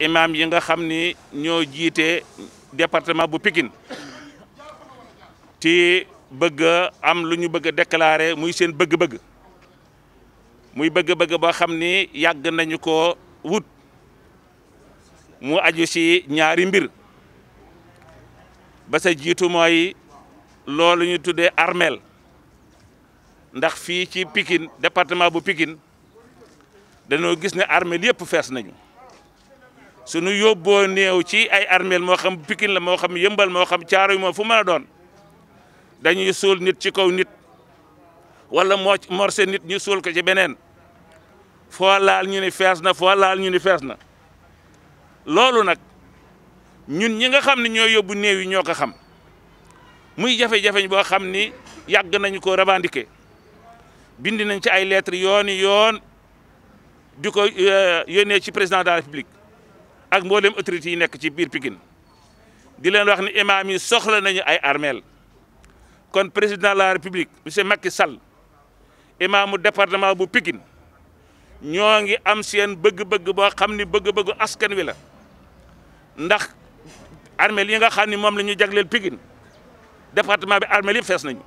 imaam yi nga xam ni ñoo jiitee département bu pikin ti bëgg am lu ñu bëgg a muy seen bëgg-bëgg muy bëgg-bëgg boo xam ni yàgg nañu ko wut mu aju si ñaari mbir ba sa jiitu mooy loolu ñu tuddee armeel ndax fii ci Pikine département bu pikin dañoo gis ne armeel yëpp fees nañu suñu yóbbu néew ci ay armeel moo xam Pikine la moo xam yëmbal moo xam caaro yi moo fu mën doon dañuy suul nit ci kaw nit wala moo morcé nit ñu suul ko ci beneen foo laal ñu ni fees na foo laal ñu ni fees na loolu nag ñun ñi nga xam ne ñoo yóbbu néew yi ñoo ko xam muy jafe-jafe boo xam ni yàgg nañu ko revendiquer bindi nañ ci ay lettres yooni yoon di ko euh, yónnee ci président de république ak mboolem autorités yi nekk ci biir Pikine di leen wax ni imaam yi soxla nañu ay armeel kon président la république monsieur Macky Sall imaamu département bu Pikine ñoo ngi am siyen bëgg-bëgg boo xam ni bëgg bëgg askan wi la ndax armeel yi nga xam ni moom la ñu jagleel Pikine département bi armeel yëpp fees nañu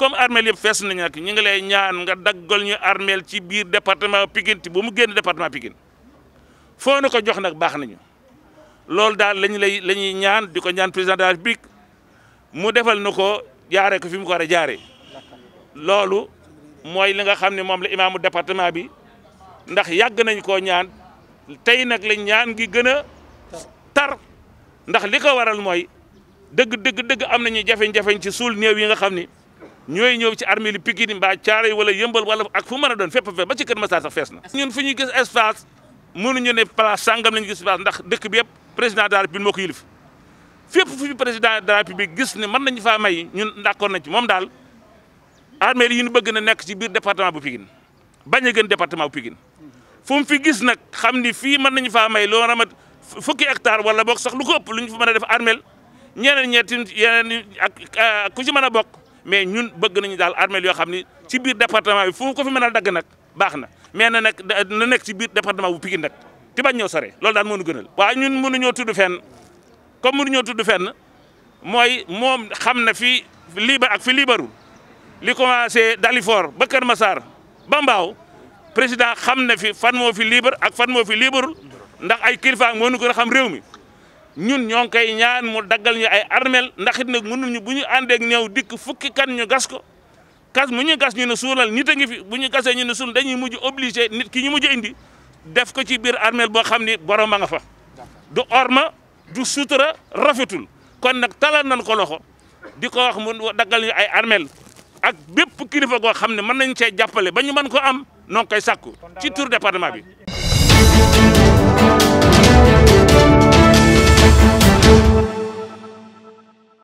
comme armeel yëpp fees nañu nag ñu ngi lay ñaan nga daggal ñu armeel ci biir département Pikine ti bu mu génn département Pikine foo nu ko jox nag baax nañu loolu daal lañu lay la ñuy ñaan di ko ñaan président de la mu defal nu ko jaaree ko fi mu ko war a jaaree loolu mooy li nga xam ne moom la imaamu département bi ndax yàgg nañ koo ñaan tey nag lañ ñaan gi gën a tar ndax li ko waral mooy dëgg dëgg dëgg am nañu jafeñ-jafeñ ci suul néew yi nga xam ni ñooy ñëw ci armée li Pikine mbaa Thiaroye wala yëmbal wala ak fu mën a doon fépp a fees ba ci Kër Massar sa fees na ñun fu ñuy gis espace ñu ne place sàngam lañu gis place ndax dëkk bi yëpp président de la république moo ko yilif fépp fu fi président de la république gis ne man nañu faa may ñun d'accord nañ ci moom daal armée yi nu bëgg na nekk ci biir département bu Pikine bañ a gën département bu Pikine fu mu fi gis nag xam ni fii mën nañu faa may loo ramat fukki hectare wala boog sax lu ko ëpp lu ñu fa mën a def armeel ñeneen ñetti yeneen ak ah, ku si mën a bokk mais ñun bëgg nañu daal armeel yoo xam ni ci biir département bi fu ko fi mën a dagg nag baax na mais na nekk na nekk ci biir département bu Pikine nag te bañ ñoo sore loolu daal moo ñu gënal. waaw ñun fen tudd fenn comme mënuñoo tudd fenn mooy moom xam na fi lii ak fi lii barul li commencé Dalifort ba Kër Massar ba Mbao président xam na fi fan moo fi libre ak fan moo fi liibarul ndax ay kilifa moo nu gën a xam réew mi ñun ñoo ngi koy ñaan mu daggal ñu ay armel ndax it nag mënuñu bu ñu àndeek ñëw dikk fukki kan ñu gas ko gas mu ñu gas ñu ne suulal nit a ngi fi bu ñu gasee ñu ne suul dañuy mujj obligé nit ki ñu mujj indi def ko ci biir armeel boo xam ni borom a nga fa du orma du sutura rafetul kon nag talal nañ ko loxo di ko wax mu daggal ñu ay armeel ak bépp kilifa goo xam ne mën nañ cee jàppale ba ñu mën ko am noo kay koy ci tur département bi